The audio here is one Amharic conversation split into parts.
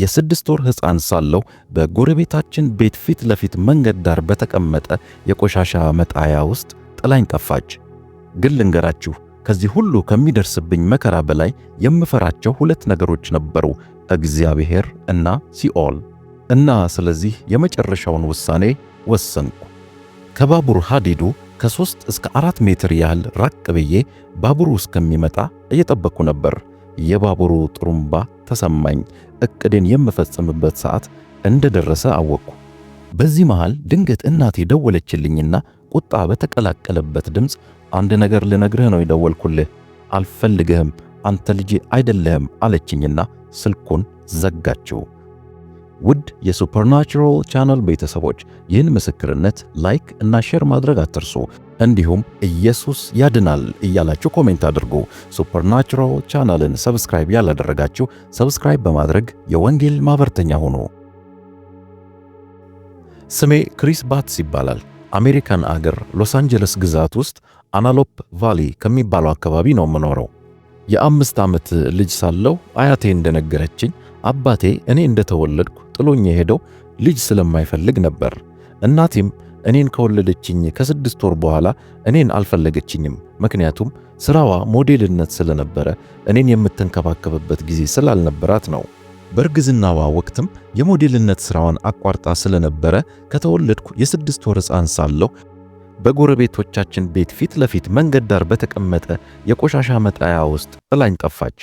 የስድስት ወር ሕፃን ሳለሁ በጎረቤታችን ቤት ፊት ለፊት መንገድ ዳር በተቀመጠ የቆሻሻ መጣያ ውስጥ ጥላኝ ጠፋች። ግን ልንገራችሁ ከዚህ ሁሉ ከሚደርስብኝ መከራ በላይ የምፈራቸው ሁለት ነገሮች ነበሩ፣ እግዚአብሔር እና ሲኦል። እና ስለዚህ የመጨረሻውን ውሳኔ ወሰንኩ። ከባቡር ሐዲዱ ከ3 እስከ 4 ሜትር ያህል ራቅ ብዬ ባቡሩ እስከሚመጣ እየጠበቅኩ ነበር። የባቡሩ ጥሩምባ ተሰማኝ። እቅዴን የምፈጽምበት ሰዓት እንደደረሰ አወቅኩ። በዚህ መሃል ድንገት እናቴ ደወለችልኝና ቁጣ በተቀላቀለበት ድምፅ አንድ ነገር ልነግርህ ነው የደወልኩልህ፣ አልፈልግህም፣ አንተ ልጅ አይደለህም አለችኝና ስልኩን ዘጋችው። ውድ የሱፐርናቹራል ቻናል ቤተሰቦች ይህን ምስክርነት ላይክ እና ሼር ማድረግ አትርሱ። እንዲሁም ኢየሱስ ያድናል እያላችሁ ኮሜንት አድርጉ። ሱፐርናቹራል ቻናልን ሰብስክራይብ ያላደረጋችሁ ሰብስክራይብ በማድረግ የወንጌል ማኅበርተኛ ሁኑ። ስሜ ክሪስ ባትስ ይባላል። አሜሪካን አገር ሎስ አንጀለስ ግዛት ውስጥ አናሎፕ ቫሊ ከሚባለው አካባቢ ነው የምኖረው። የአምስት ዓመት ልጅ ሳለሁ አያቴ እንደነገረችኝ አባቴ እኔ እንደተወለድኩ ጥሎኝ የሄደው ልጅ ስለማይፈልግ ነበር። እናቴም እኔን ከወለደችኝ ከስድስት ወር በኋላ እኔን አልፈለገችኝም። ምክንያቱም ስራዋ ሞዴልነት ስለነበረ እኔን የምትንከባከብበት ጊዜ ስላልነበራት ነው። በእርግዝናዋ ወቅትም የሞዴልነት ስራዋን አቋርጣ ስለነበረ ከተወለድኩ የስድስት ወር ሕፃን ሳለሁ በጎረቤቶቻችን ቤት ፊት ለፊት መንገድ ዳር በተቀመጠ የቆሻሻ መጣያ ውስጥ ጥላኝ ጠፋች።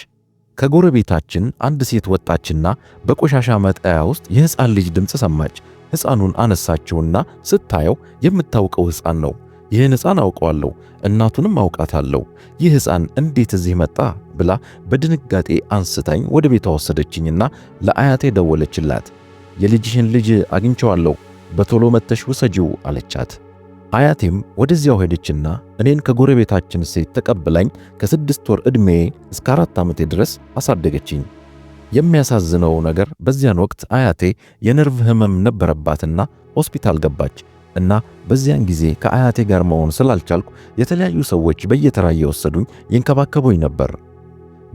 ከጎረቤታችን አንድ ሴት ወጣችና በቆሻሻ መጣያ ውስጥ የሕፃን ልጅ ድምፅ ሰማች። ሕፃኑን አነሳችውና ስታየው የምታውቀው ሕፃን ነው። ይህን ሕፃን አውቀዋለሁ፣ እናቱንም አውቃታለሁ። ይህ ሕፃን እንዴት እዚህ መጣ ብላ በድንጋጤ አንስታኝ ወደ ቤቷ ወሰደችኝና ለአያቴ ደወለችላት። የልጅሽን ልጅ አግኝቸዋለሁ፣ በቶሎ መጥተሽ ውሰጂው አለቻት። አያቴም ወደዚያው ሄደችና እኔን ከጎረቤታችን ሴት ተቀብላኝ ከስድስት ወር ዕድሜ እስከ አራት ዓመቴ ድረስ አሳደገችኝ። የሚያሳዝነው ነገር በዚያን ወቅት አያቴ የነርቭ ህመም ነበረባትና ሆስፒታል ገባች እና በዚያን ጊዜ ከአያቴ ጋር መሆን ስላልቻልኩ የተለያዩ ሰዎች በየተራ እየወሰዱኝ ይንከባከቡኝ ነበር።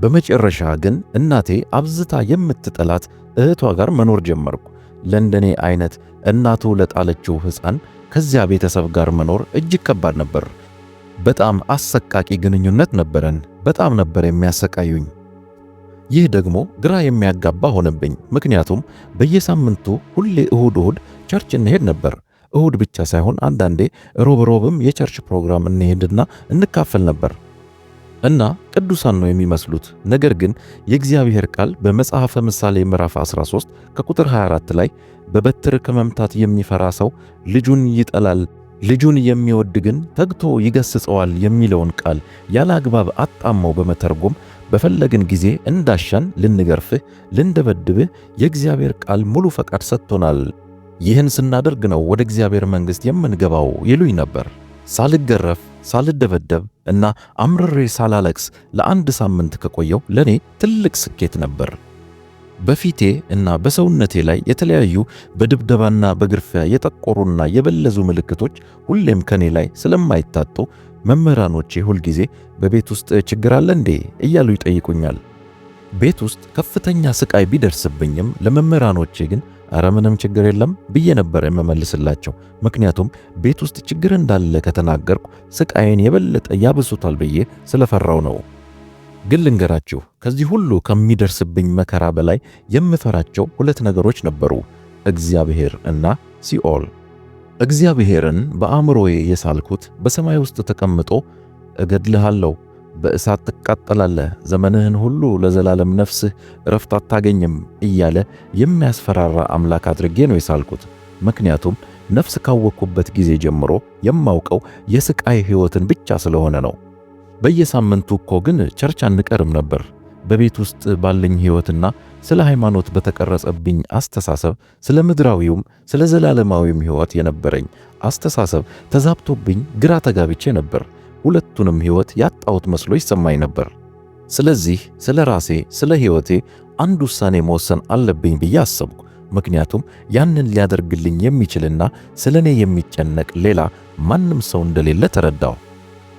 በመጨረሻ ግን እናቴ አብዝታ የምትጠላት እህቷ ጋር መኖር ጀመርኩ። ለእንደኔ አይነት እናቱ ለጣለችው ሕፃን ከዚያ ቤተሰብ ጋር መኖር እጅግ ከባድ ነበር። በጣም አሰቃቂ ግንኙነት ነበረን። በጣም ነበር የሚያሰቃዩኝ። ይህ ደግሞ ግራ የሚያጋባ ሆነብኝ። ምክንያቱም በየሳምንቱ ሁሌ እሁድ እሁድ ቸርች እንሄድ ነበር። እሁድ ብቻ ሳይሆን አንዳንዴ ሮብ ሮብም የቸርች ፕሮግራም እንሄድና እንካፈል ነበር እና ቅዱሳን ነው የሚመስሉት። ነገር ግን የእግዚአብሔር ቃል በመጽሐፈ ምሳሌ ምዕራፍ 13 ከቁጥር 24 ላይ በበትር ከመምታት የሚፈራ ሰው ልጁን ይጠላል፣ ልጁን የሚወድ ግን ተግቶ ይገስጸዋል የሚለውን ቃል ያለ አግባብ አጣመው በመተርጎም በፈለግን ጊዜ እንዳሻን ልንገርፍህ፣ ልንደበድብህ የእግዚአብሔር ቃል ሙሉ ፈቃድ ሰጥቶናል። ይህን ስናደርግ ነው ወደ እግዚአብሔር መንግሥት የምንገባው ይሉኝ ነበር። ሳልገረፍ ሳልደበደብ እና አምርሬ ሳላለቅስ ለአንድ ሳምንት ከቆየው ለኔ ትልቅ ስኬት ነበር። በፊቴ እና በሰውነቴ ላይ የተለያዩ በድብደባና በግርፊያ የጠቆሩና የበለዙ ምልክቶች ሁሌም ከኔ ላይ ስለማይታጡ መምህራኖቼ ሁልጊዜ በቤት ውስጥ ችግር አለ እንዴ እያሉ ይጠይቁኛል። ቤት ውስጥ ከፍተኛ ስቃይ ቢደርስብኝም ለመምህራኖቼ ግን አረ ምንም ችግር የለም ብዬ ነበር የምመልስላቸው። ምክንያቱም ቤት ውስጥ ችግር እንዳለ ከተናገርኩ ስቃይን የበለጠ ያብሱታል ብዬ ስለፈራው ነው። ግን ልንገራችሁ ከዚህ ሁሉ ከሚደርስብኝ መከራ በላይ የምፈራቸው ሁለት ነገሮች ነበሩ፣ እግዚአብሔር እና ሲኦል። እግዚአብሔርን በአእምሮዬ የሳልኩት በሰማይ ውስጥ ተቀምጦ እገድልሃለሁ፣ በእሳት ትቃጠላለህ፣ ዘመንህን ሁሉ ለዘላለም ነፍስህ እረፍት አታገኝም እያለ የሚያስፈራራ አምላክ አድርጌ ነው የሳልኩት። ምክንያቱም ነፍስ ካወቅኩበት ጊዜ ጀምሮ የማውቀው የስቃይ ሕይወትን ብቻ ስለሆነ ነው። በየሳምንቱ እኮ ግን ቸርች አንቀርም ነበር። በቤት ውስጥ ባለኝ ሕይወትና ስለ ሃይማኖት በተቀረጸብኝ አስተሳሰብ ስለ ምድራዊውም ስለ ዘላለማዊም ሕይወት የነበረኝ አስተሳሰብ ተዛብቶብኝ ግራ ተጋብቼ ነበር። ሁለቱንም ሕይወት ያጣሁት መስሎ ይሰማኝ ነበር። ስለዚህ ስለ ራሴ፣ ስለ ሕይወቴ አንድ ውሳኔ መወሰን አለብኝ ብዬ አሰብኩ። ምክንያቱም ያንን ሊያደርግልኝ የሚችልና ስለ እኔ የሚጨነቅ ሌላ ማንም ሰው እንደሌለ ተረዳው።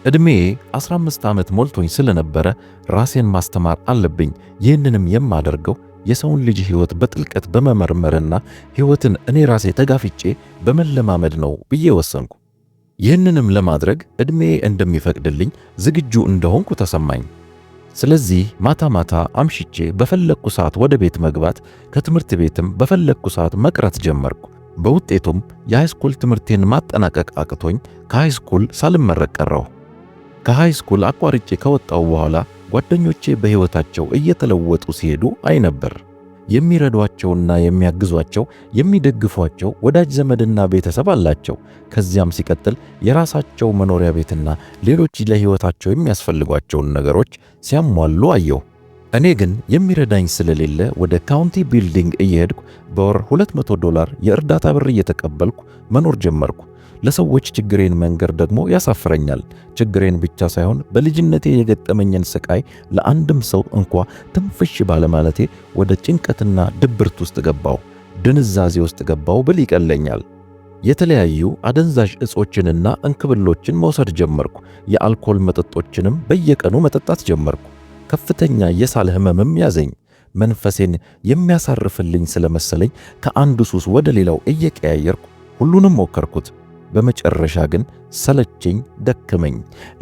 ዕድሜዬ 15 ዓመት ሞልቶኝ ስለነበረ ራሴን ማስተማር አለብኝ። ይህንንም የማደርገው የሰውን ልጅ ህይወት በጥልቀት በመመርመርና ህይወትን እኔ ራሴ ተጋፍጬ በመለማመድ ነው ብዬ ወሰንኩ። ይህንንም ለማድረግ ዕድሜ እንደሚፈቅድልኝ ዝግጁ እንደሆንኩ ተሰማኝ። ስለዚህ ማታ ማታ አምሽቼ በፈለግኩ ሰዓት ወደ ቤት መግባት፣ ከትምህርት ቤትም በፈለግኩ ሰዓት መቅረት ጀመርኩ። በውጤቱም የሃይስኩል ትምህርቴን ማጠናቀቅ አቅቶኝ ከሃይስኩል ሳልመረቅ ቀረሁ። ከሃይስኩል አቋርጬ ከወጣው በኋላ ጓደኞቼ በሕይወታቸው እየተለወጡ ሲሄዱ አይ ነበር። የሚረዷቸውና የሚያግዟቸው የሚደግፏቸው ወዳጅ ዘመድና ቤተሰብ አላቸው። ከዚያም ሲቀጥል የራሳቸው መኖሪያ ቤትና ሌሎች ለሕይወታቸው የሚያስፈልጓቸውን ነገሮች ሲያሟሉ አየሁ። እኔ ግን የሚረዳኝ ስለሌለ ወደ ካውንቲ ቢልዲንግ እየሄድኩ በወር 200 ዶላር የእርዳታ ብር እየተቀበልኩ መኖር ጀመርኩ። ለሰዎች ችግሬን መንገር ደግሞ ያሳፍረኛል። ችግሬን ብቻ ሳይሆን በልጅነቴ የገጠመኝን ስቃይ ለአንድም ሰው እንኳ ትንፍሽ ባለማለቴ ወደ ጭንቀትና ድብርት ውስጥ ገባው፣ ድንዛዜ ውስጥ ገባው ብል ይቀለኛል። የተለያዩ አደንዛዥ እጾችንና እንክብሎችን መውሰድ ጀመርኩ። የአልኮል መጠጦችንም በየቀኑ መጠጣት ጀመርኩ። ከፍተኛ የሳል ህመምም ያዘኝ። መንፈሴን የሚያሳርፍልኝ ስለመሰለኝ ከአንዱ ሱስ ወደ ሌላው እየቀያየርኩ ሁሉንም ሞከርኩት። በመጨረሻ ግን ሰለቸኝ፣ ደከመኝ፣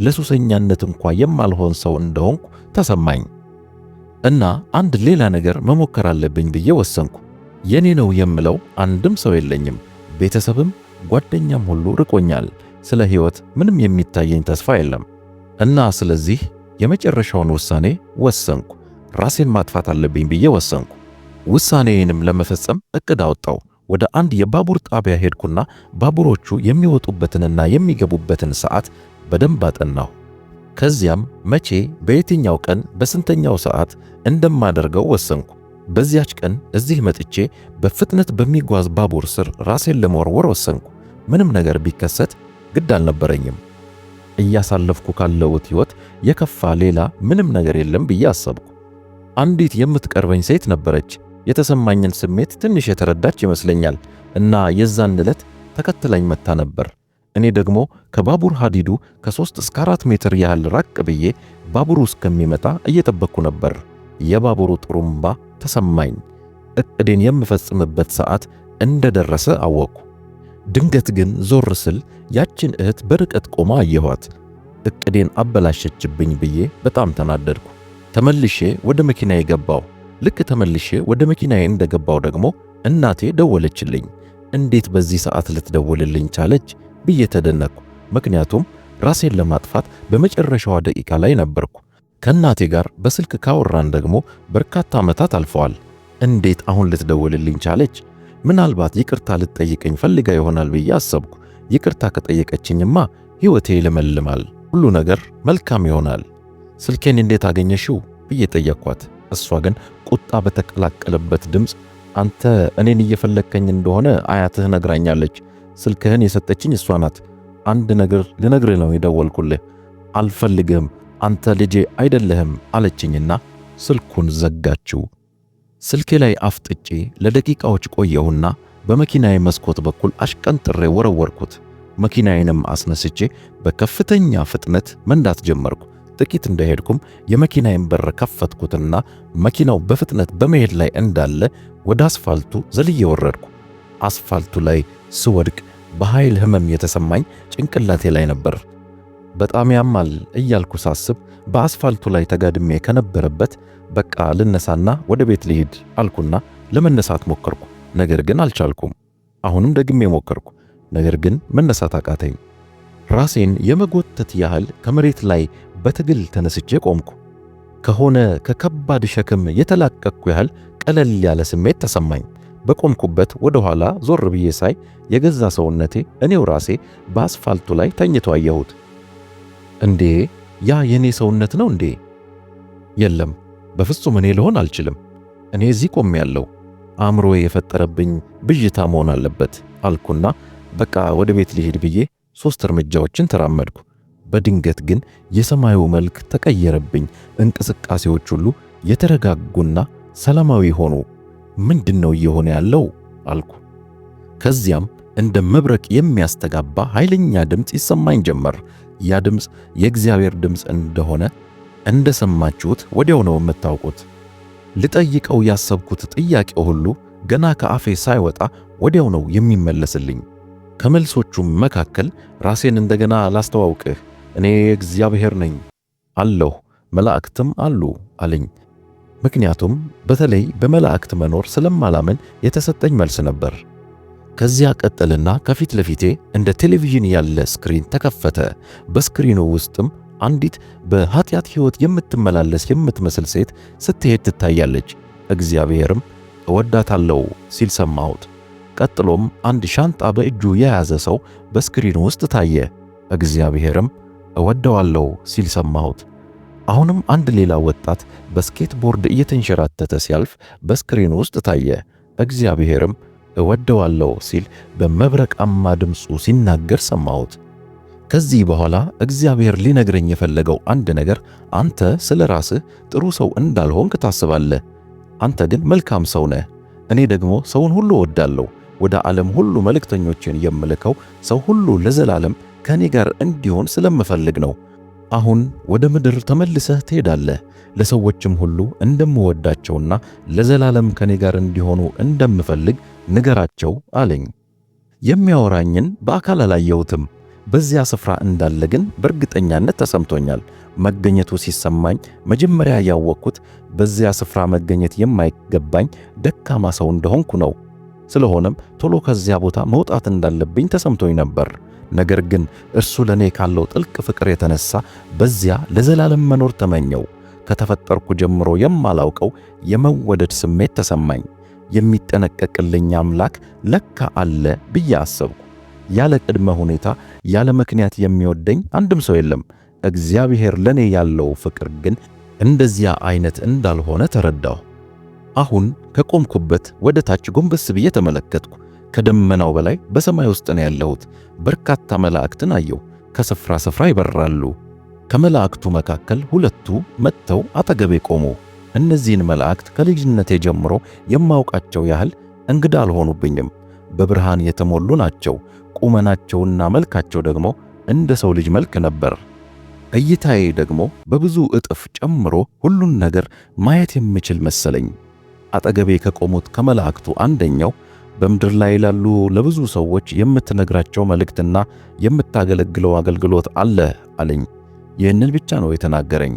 ለሱሰኛነት እንኳ የማልሆን ሰው እንደሆንኩ ተሰማኝ እና አንድ ሌላ ነገር መሞከር አለብኝ ብዬ ወሰንኩ። የኔ ነው የምለው አንድም ሰው የለኝም። ቤተሰብም ጓደኛም ሁሉ ርቆኛል። ስለ ሕይወት ምንም የሚታየኝ ተስፋ የለም እና ስለዚህ የመጨረሻውን ውሳኔ ወሰንኩ። ራሴን ማጥፋት አለብኝ ብዬ ወሰንኩ። ውሳኔዬንም ለመፈጸም እቅድ አወጣው። ወደ አንድ የባቡር ጣቢያ ሄድኩና ባቡሮቹ የሚወጡበትንና የሚገቡበትን ሰዓት በደንብ አጠናሁ። ከዚያም መቼ፣ በየትኛው ቀን፣ በስንተኛው ሰዓት እንደማደርገው ወሰንኩ። በዚያች ቀን እዚህ መጥቼ በፍጥነት በሚጓዝ ባቡር ስር ራሴን ለመወርወር ወሰንኩ። ምንም ነገር ቢከሰት ግድ አልነበረኝም። እያሳለፍኩ ካለሁት ሕይወት የከፋ ሌላ ምንም ነገር የለም ብዬ አሰብኩ። አንዲት የምትቀርበኝ ሴት ነበረች። የተሰማኝን ስሜት ትንሽ የተረዳች ይመስለኛል እና የዛን ዕለት ተከትላኝ መታ ነበር። እኔ ደግሞ ከባቡር ሐዲዱ 3 እስከ 4 ሜትር ያህል ራቅ ብዬ ባቡሩ እስከሚመጣ እየጠበቅኩ ነበር። የባቡሩ ጥሩምባ ተሰማኝ። እቅዴን የምፈጽምበት ሰዓት እንደደረሰ አወቅኩ። ድንገት ግን ዞር ስል ያችን እህት በርቀት ቆማ አየኋት። እቅዴን አበላሸችብኝ ብዬ በጣም ተናደድኩ። ተመልሼ ወደ መኪና የገባው። ልክ ተመልሼ ወደ መኪናዬ እንደገባው ደግሞ እናቴ ደወለችልኝ። እንዴት በዚህ ሰዓት ልትደውልልኝ ቻለች ብዬ ተደነቅኩ። ምክንያቱም ራሴን ለማጥፋት በመጨረሻዋ ደቂቃ ላይ ነበርኩ። ከእናቴ ጋር በስልክ ካወራን ደግሞ በርካታ ዓመታት አልፈዋል። እንዴት አሁን ልትደውልልኝ ቻለች? ምናልባት ይቅርታ ልትጠይቀኝ ፈልጋ ይሆናል ብዬ አሰብኩ። ይቅርታ ከጠየቀችኝማ ሕይወቴ ይለመልማል፣ ሁሉ ነገር መልካም ይሆናል። ስልኬን እንዴት አገኘሽው ብዬ ጠየቅኳት። እሷ ግን ቁጣ በተቀላቀለበት ድምፅ አንተ እኔን እየፈለግከኝ እንደሆነ አያትህ ነግራኛለች። ስልክህን የሰጠችኝ እሷ ናት። አንድ ነገር ልነግርህ ነው የደወልኩልህ። አልፈልግህም፣ አንተ ልጄ አይደለህም አለችኝና ስልኩን ዘጋችው። ስልኬ ላይ አፍጥጬ ለደቂቃዎች ቆየሁና በመኪናዬ መስኮት በኩል አሽቀንጥሬ ወረወርኩት። መኪናዬንም አስነስቼ በከፍተኛ ፍጥነት መንዳት ጀመርኩ። ጥቂት እንደሄድኩም የመኪናዬን በር ከፈትኩትና መኪናው በፍጥነት በመሄድ ላይ እንዳለ ወደ አስፋልቱ ዘልዬ ወረድኩ። አስፋልቱ ላይ ስወድቅ በኃይል ህመም የተሰማኝ ጭንቅላቴ ላይ ነበር። በጣም ያማል እያልኩ ሳስብ በአስፋልቱ ላይ ተጋድሜ ከነበረበት በቃ ልነሳና ወደ ቤት ልሂድ አልኩና ለመነሳት ሞከርኩ። ነገር ግን አልቻልኩም። አሁንም ደግሜ ሞከርኩ። ነገር ግን መነሳት አቃተኝ። ራሴን የመጎተት ያህል ከመሬት ላይ በትግል ተነስቼ ቆምኩ። ከሆነ ከከባድ ሸክም የተላቀቅኩ ያህል ቀለል ያለ ስሜት ተሰማኝ። በቆምኩበት ወደ ኋላ ዞር ብዬ ሳይ የገዛ ሰውነቴ እኔው ራሴ በአስፋልቱ ላይ ተኝቶ አየሁት። እንዴ ያ የእኔ ሰውነት ነው እንዴ? የለም በፍጹም እኔ ልሆን አልችልም። እኔ እዚህ ቆሜ ያለው አእምሮ የፈጠረብኝ ብዥታ መሆን አለበት አልኩና በቃ ወደ ቤት ልሄድ ብዬ ሦስት እርምጃዎችን ተራመድኩ። በድንገት ግን የሰማዩ መልክ ተቀየረብኝ። እንቅስቃሴዎች ሁሉ የተረጋጉና ሰላማዊ ሆኑ። ምንድነው እየሆነ ያለው አልኩ። ከዚያም እንደ መብረቅ የሚያስተጋባ ኃይለኛ ድምፅ ይሰማኝ ጀመር። ያ ድምፅ የእግዚአብሔር ድምፅ እንደሆነ እንደሰማችሁት ወዲያው ነው የምታውቁት። ልጠይቀው ያሰብኩት ጥያቄ ሁሉ ገና ከአፌ ሳይወጣ ወዲያው ነው የሚመለስልኝ። ከመልሶቹም መካከል ራሴን እንደገና ላስተዋውቅህ እኔ እግዚአብሔር ነኝ አለሁ፣ መላእክትም አሉ አለኝ። ምክንያቱም በተለይ በመላእክት መኖር ስለማላምን የተሰጠኝ መልስ ነበር። ከዚያ ቀጠልና ከፊት ለፊቴ እንደ ቴሌቪዥን ያለ ስክሪን ተከፈተ። በስክሪኑ ውስጥም አንዲት በኃጢአት ሕይወት የምትመላለስ የምትመስል ሴት ስትሄድ ትታያለች። እግዚአብሔርም እወዳታለሁ ሲል ሰማሁት። ቀጥሎም አንድ ሻንጣ በእጁ የያዘ ሰው በስክሪኑ ውስጥ ታየ። እግዚአብሔርም እወደዋለሁ ሲል ሰማሁት። አሁንም አንድ ሌላ ወጣት በስኬትቦርድ እየተንሸራተተ ሲያልፍ በስክሪን ውስጥ ታየ። እግዚአብሔርም እወደዋለሁ ሲል በመብረቃማ ድምፁ ሲናገር ሰማሁት። ከዚህ በኋላ እግዚአብሔር ሊነግረኝ የፈለገው አንድ ነገር አንተ ስለ ራስህ ጥሩ ሰው እንዳልሆንክ ታስባለህ። አንተ ግን መልካም ሰው ነህ። እኔ ደግሞ ሰውን ሁሉ እወዳለሁ። ወደ ዓለም ሁሉ መልእክተኞችን የምልከው ሰው ሁሉ ለዘላለም ከእኔ ጋር እንዲሆን ስለምፈልግ ነው። አሁን ወደ ምድር ተመልሰህ ትሄዳለህ። ለሰዎችም ሁሉ እንደምወዳቸውና ለዘላለም ከእኔ ጋር እንዲሆኑ እንደምፈልግ ንገራቸው አለኝ። የሚያወራኝን በአካል አላየሁትም። በዚያ ስፍራ እንዳለ ግን በእርግጠኛነት ተሰምቶኛል። መገኘቱ ሲሰማኝ መጀመሪያ ያወቅኩት በዚያ ስፍራ መገኘት የማይገባኝ ደካማ ሰው እንደሆንኩ ነው። ስለሆነም ቶሎ ከዚያ ቦታ መውጣት እንዳለብኝ ተሰምቶኝ ነበር። ነገር ግን እርሱ ለእኔ ካለው ጥልቅ ፍቅር የተነሳ በዚያ ለዘላለም መኖር ተመኘው። ከተፈጠርኩ ጀምሮ የማላውቀው የመወደድ ስሜት ተሰማኝ። የሚጠነቀቅልኝ አምላክ ለካ አለ ብዬ አሰብኩ። ያለ ቅድመ ሁኔታ ያለ ምክንያት የሚወደኝ አንድም ሰው የለም። እግዚአብሔር ለእኔ ያለው ፍቅር ግን እንደዚያ አይነት እንዳልሆነ ተረዳሁ። አሁን ከቆምኩበት ወደ ታች ጎንበስ ብዬ ተመለከትኩ። ከደመናው በላይ በሰማይ ውስጥ ነው ያለሁት። በርካታ መላእክትን አየሁ፣ ከስፍራ ስፍራ ይበራሉ። ከመላእክቱ መካከል ሁለቱ መጥተው አጠገቤ ቆሙ። እነዚህን መላእክት ከልጅነቴ ጀምሮ የማውቃቸው ያህል እንግዳ አልሆኑብኝም። በብርሃን የተሞሉ ናቸው። ቁመናቸውና መልካቸው ደግሞ እንደ ሰው ልጅ መልክ ነበር። እይታዬ ደግሞ በብዙ እጥፍ ጨምሮ ሁሉን ነገር ማየት የምችል መሰለኝ። አጠገቤ ከቆሙት ከመላእክቱ አንደኛው በምድር ላይ ላሉ ለብዙ ሰዎች የምትነግራቸው መልእክትና የምታገለግለው አገልግሎት አለ አለኝ። ይህንን ብቻ ነው የተናገረኝ።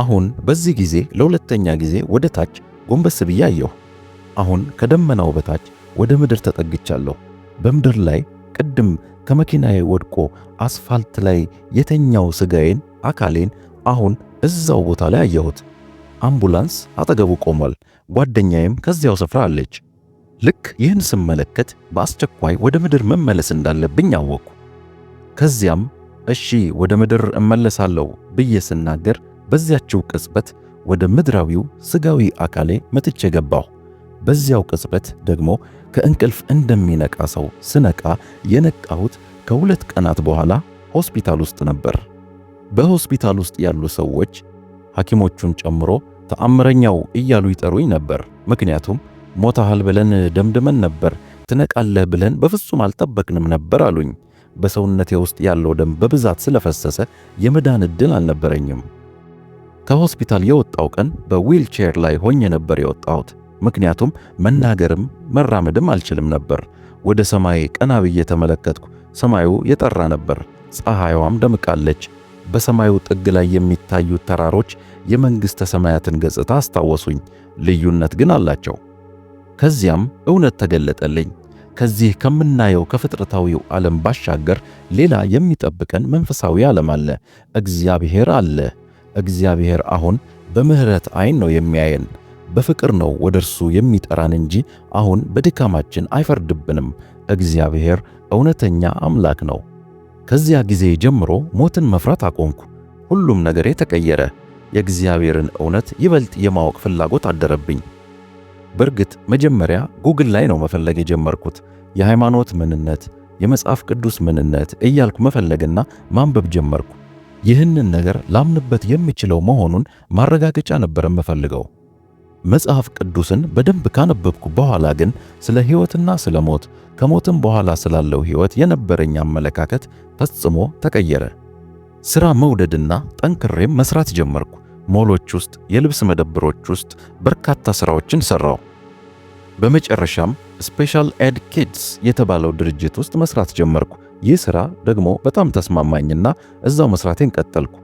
አሁን በዚህ ጊዜ ለሁለተኛ ጊዜ ወደ ታች ጎንበስ ብዬ አየሁ። አሁን ከደመናው በታች ወደ ምድር ተጠግቻለሁ። በምድር ላይ ቅድም ከመኪናዬ ወድቆ አስፋልት ላይ የተኛው ስጋዬን፣ አካሌን አሁን እዛው ቦታ ላይ አየሁት። አምቡላንስ አጠገቡ ቆሟል። ጓደኛዬም ከዚያው ስፍራ አለች። ልክ ይህን ስመለከት በአስቸኳይ ወደ ምድር መመለስ እንዳለብኝ አወቅኩ። ከዚያም እሺ ወደ ምድር እመለሳለሁ ብዬ ስናገር በዚያችው ቅጽበት ወደ ምድራዊው ሥጋዊ አካሌ መጥቼ ገባሁ። በዚያው ቅጽበት ደግሞ ከእንቅልፍ እንደሚነቃ ሰው ስነቃ የነቃሁት ከሁለት ቀናት በኋላ ሆስፒታል ውስጥ ነበር። በሆስፒታል ውስጥ ያሉ ሰዎች ሐኪሞቹን ጨምሮ ተአምረኛው እያሉ ይጠሩኝ ነበር። ምክንያቱም ሞታሃል ብለን ደምድመን ነበር። ትነቃለህ ብለን በፍጹም አልጠበቅንም ነበር አሉኝ። በሰውነቴ ውስጥ ያለው ደም በብዛት ስለፈሰሰ የመዳን ዕድል አልነበረኝም። ከሆስፒታል የወጣው ቀን በዊልቼር ላይ ሆኜ ነበር የወጣሁት። ምክንያቱም መናገርም መራመድም አልችልም ነበር። ወደ ሰማይ ቀና ብዬ ተመለከትኩ። ሰማዩ የጠራ ነበር፣ ፀሐይዋም ደምቃለች። በሰማዩ ጥግ ላይ የሚታዩት ተራሮች የመንግሥተ ሰማያትን ገጽታ አስታወሱኝ። ልዩነት ግን አላቸው። ከዚያም እውነት ተገለጠልኝ። ከዚህ ከምናየው ከፍጥረታዊው ዓለም ባሻገር ሌላ የሚጠብቀን መንፈሳዊ ዓለም አለ። እግዚአብሔር አለ። እግዚአብሔር አሁን በምሕረት ዓይን ነው የሚያየን። በፍቅር ነው ወደ እርሱ የሚጠራን እንጂ አሁን በድካማችን አይፈርድብንም። እግዚአብሔር እውነተኛ አምላክ ነው። ከዚያ ጊዜ ጀምሮ ሞትን መፍራት አቆምኩ። ሁሉም ነገር ተቀየረ። የእግዚአብሔርን እውነት ይበልጥ የማወቅ ፍላጎት አደረብኝ። በእርግጥ መጀመሪያ ጉግል ላይ ነው መፈለግ የጀመርኩት። የሃይማኖት ምንነት፣ የመጽሐፍ ቅዱስ ምንነት እያልኩ መፈለግና ማንበብ ጀመርኩ። ይህንን ነገር ላምንበት የሚችለው መሆኑን ማረጋገጫ ነበር የምፈልገው። መጽሐፍ ቅዱስን በደንብ ካነበብኩ በኋላ ግን ስለ ሕይወትና ስለ ሞት ከሞትም በኋላ ስላለው ሕይወት የነበረኝ አመለካከት ፈጽሞ ተቀየረ። ሥራ መውደድና ጠንክሬም መስራት ጀመርኩ። ሞሎች ውስጥ፣ የልብስ መደብሮች ውስጥ በርካታ ሥራዎችን ሠራው። በመጨረሻም ስፔሻል ኤድ ኪድስ የተባለው ድርጅት ውስጥ መስራት ጀመርኩ። ይህ ሥራ ደግሞ በጣም ተስማማኝና እዛው መስራቴን ቀጠልኩ።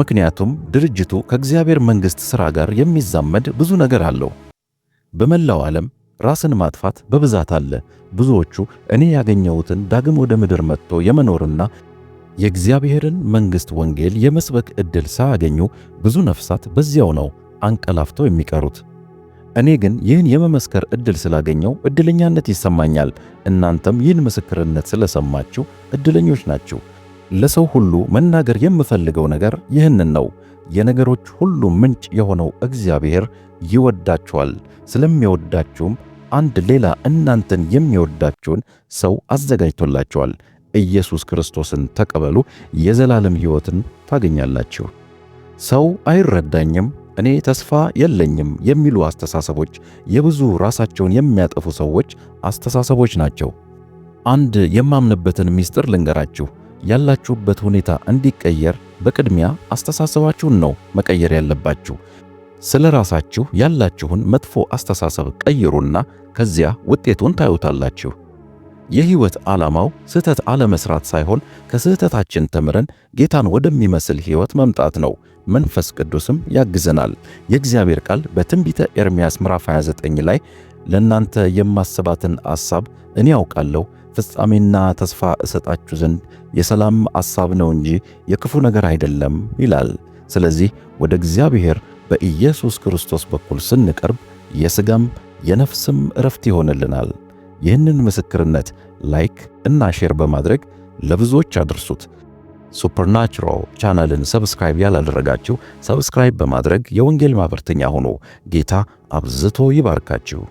ምክንያቱም ድርጅቱ ከእግዚአብሔር መንግሥት ሥራ ጋር የሚዛመድ ብዙ ነገር አለው። በመላው ዓለም ራስን ማጥፋት በብዛት አለ። ብዙዎቹ እኔ ያገኘሁትን ዳግም ወደ ምድር መጥቶ የመኖርና የእግዚአብሔርን መንግሥት ወንጌል የመስበክ ዕድል ሳያገኙ ብዙ ነፍሳት በዚያው ነው አንቀላፍተው የሚቀሩት። እኔ ግን ይህን የመመስከር ዕድል ስላገኘው ዕድለኛነት ይሰማኛል። እናንተም ይህን ምስክርነት ስለሰማችሁ ዕድለኞች ናችሁ። ለሰው ሁሉ መናገር የምፈልገው ነገር ይህንን ነው። የነገሮች ሁሉ ምንጭ የሆነው እግዚአብሔር ይወዳችኋል። ስለሚወዳችሁም አንድ ሌላ እናንተን የሚወዳችሁን ሰው አዘጋጅቶላችኋል። ኢየሱስ ክርስቶስን ተቀበሉ፣ የዘላለም ሕይወትን ታገኛላችሁ። ሰው አይረዳኝም፣ እኔ ተስፋ የለኝም የሚሉ አስተሳሰቦች የብዙ ራሳቸውን የሚያጠፉ ሰዎች አስተሳሰቦች ናቸው። አንድ የማምንበትን ምስጢር ልንገራችሁ። ያላችሁበት ሁኔታ እንዲቀየር በቅድሚያ አስተሳሰባችሁን ነው መቀየር ያለባችሁ። ስለ ራሳችሁ ያላችሁን መጥፎ አስተሳሰብ ቀይሩና ከዚያ ውጤቱን ታዩታላችሁ። የህይወት ዓላማው ስህተት አለመስራት ሳይሆን ከስህተታችን ተምረን ጌታን ወደሚመስል ህይወት መምጣት ነው። መንፈስ ቅዱስም ያግዘናል። የእግዚአብሔር ቃል በትንቢተ ኤርምያስ ምዕራፍ 29 ላይ ለእናንተ የማስባትን አሳብ እኔ አውቃለሁ ፍጻሜና ተስፋ እሰጣችሁ ዘንድ የሰላም አሳብ ነው እንጂ የክፉ ነገር አይደለም ይላል። ስለዚህ ወደ እግዚአብሔር በኢየሱስ ክርስቶስ በኩል ስንቀርብ የሥጋም የነፍስም እረፍት ይሆንልናል። ይህንን ምስክርነት ላይክ እና ሼር በማድረግ ለብዙዎች አድርሱት። ሱፐርናቹራል ቻናልን ሰብስክራይብ ያላደረጋችሁ ሰብስክራይብ በማድረግ የወንጌል ማኅበርተኛ ሆኖ ጌታ አብዝቶ ይባርካችሁ።